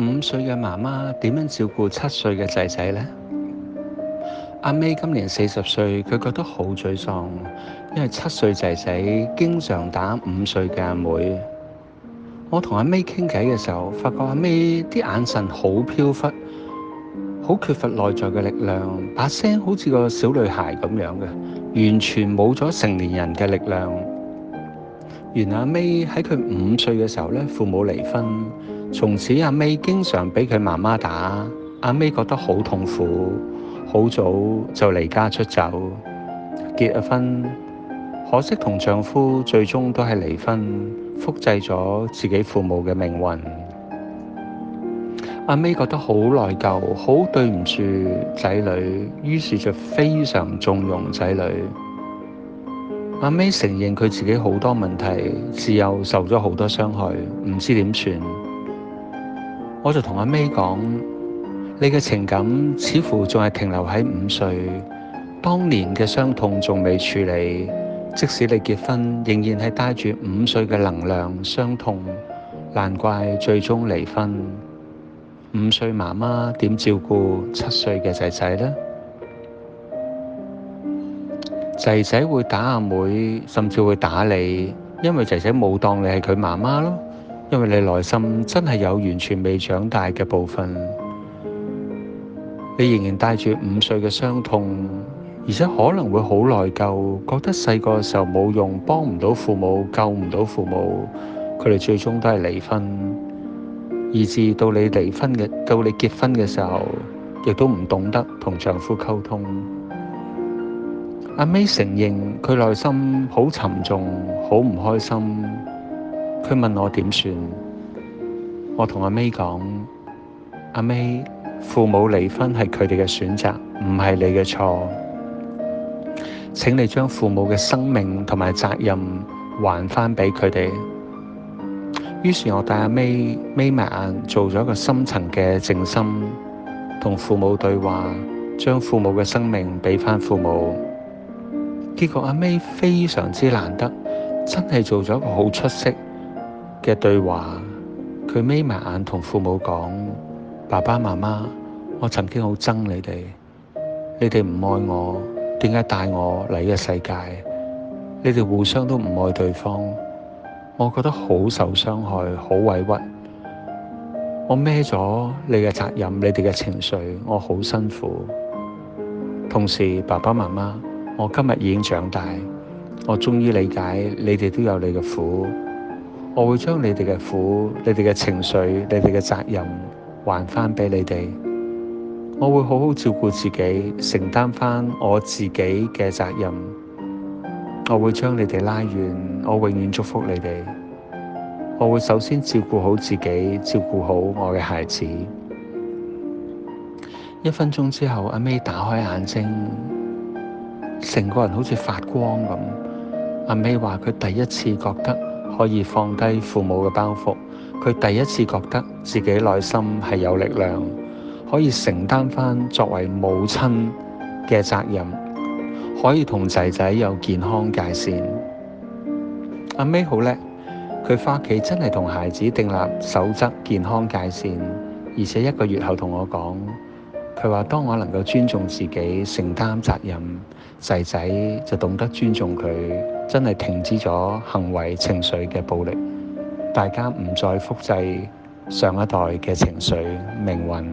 五歲嘅媽媽點樣照顧七歲嘅仔仔呢？阿 May 今年四十歲，佢覺得好沮喪，因為七歲仔仔經常打五歲嘅阿妹。我同阿 May 傾偈嘅時候，發覺阿 May 啲眼神好飄忽，好缺乏內在嘅力量，把聲好似個小女孩咁樣嘅，完全冇咗成年人嘅力量。原來阿 May 喺佢五歲嘅時候咧，父母離婚。從此阿妹經常俾佢媽媽打，阿妹覺得好痛苦，好早就離家出走，結咗婚，可惜同丈夫最終都係離婚，複製咗自己父母嘅命運。阿妹覺得好內疚，好對唔住仔女，於是就非常縱容仔女。阿妹承認佢自己好多問題，自幼受咗好多傷害，唔知點算。我就同阿 May 講：你嘅情感似乎仲係停留喺五歲，當年嘅傷痛仲未處理，即使你結婚，仍然係帶住五歲嘅能量傷痛，難怪最終離婚。五歲媽媽點照顧七歲嘅仔仔呢？仔仔會打阿妹，甚至會打你，因為仔仔冇當你係佢媽媽咯。因為你內心真係有完全未長大嘅部分，你仍然帶住五歲嘅傷痛，而且可能會好內疚，覺得細個嘅時候冇用，幫唔到父母，救唔到父母，佢哋最終都係離婚，以至到你離婚嘅，到你結婚嘅時候，亦都唔懂得同丈夫溝通，阿 May 承認佢內心好沉重，好唔開心。佢問我點算，我同阿 May 講：阿 May，父母離婚係佢哋嘅選擇，唔係你嘅錯。請你將父母嘅生命同埋責任還翻俾佢哋。於是我帶，我帶阿 May 眯埋眼做咗一個深層嘅靜心，同父母對話，將父母嘅生命俾翻父母。結果，阿 May 非常之難得，真係做咗一個好出色嘅對話，佢眯埋眼同父母講：「爸爸媽媽，我曾經好憎你哋，你哋唔愛我，點解帶我嚟呢個世界？你哋互相都唔愛對方，我覺得好受傷害，好委屈。我孭咗你嘅責任，你哋嘅情緒，我好辛苦。同時，爸爸媽媽，我今日已經長大，我終於理解你哋都有你嘅苦。我會將你哋嘅苦、你哋嘅情緒、你哋嘅責任還返俾你哋。我會好好照顧自己，承擔返我自己嘅責任。我會將你哋拉遠，我永遠祝福你哋。我會首先照顧好自己，照顧好我嘅孩子。 一分鐘之後，阿 May 打開眼睛，成個人好似發光咁。阿 May 話：佢第一次覺得。可以放低父母嘅包袱，佢第一次覺得自己內心係有力量，可以承擔翻作為母親嘅責任，可以同仔仔有健康界線。阿 May 好叻，佢翻屋企真係同孩子訂立守則健康界線，而且一個月後同我講。佢話：當我能夠尊重自己、承擔責任，仔仔就懂得尊重佢，真係停止咗行為、情緒嘅暴力，大家唔再複製上一代嘅情緒命運。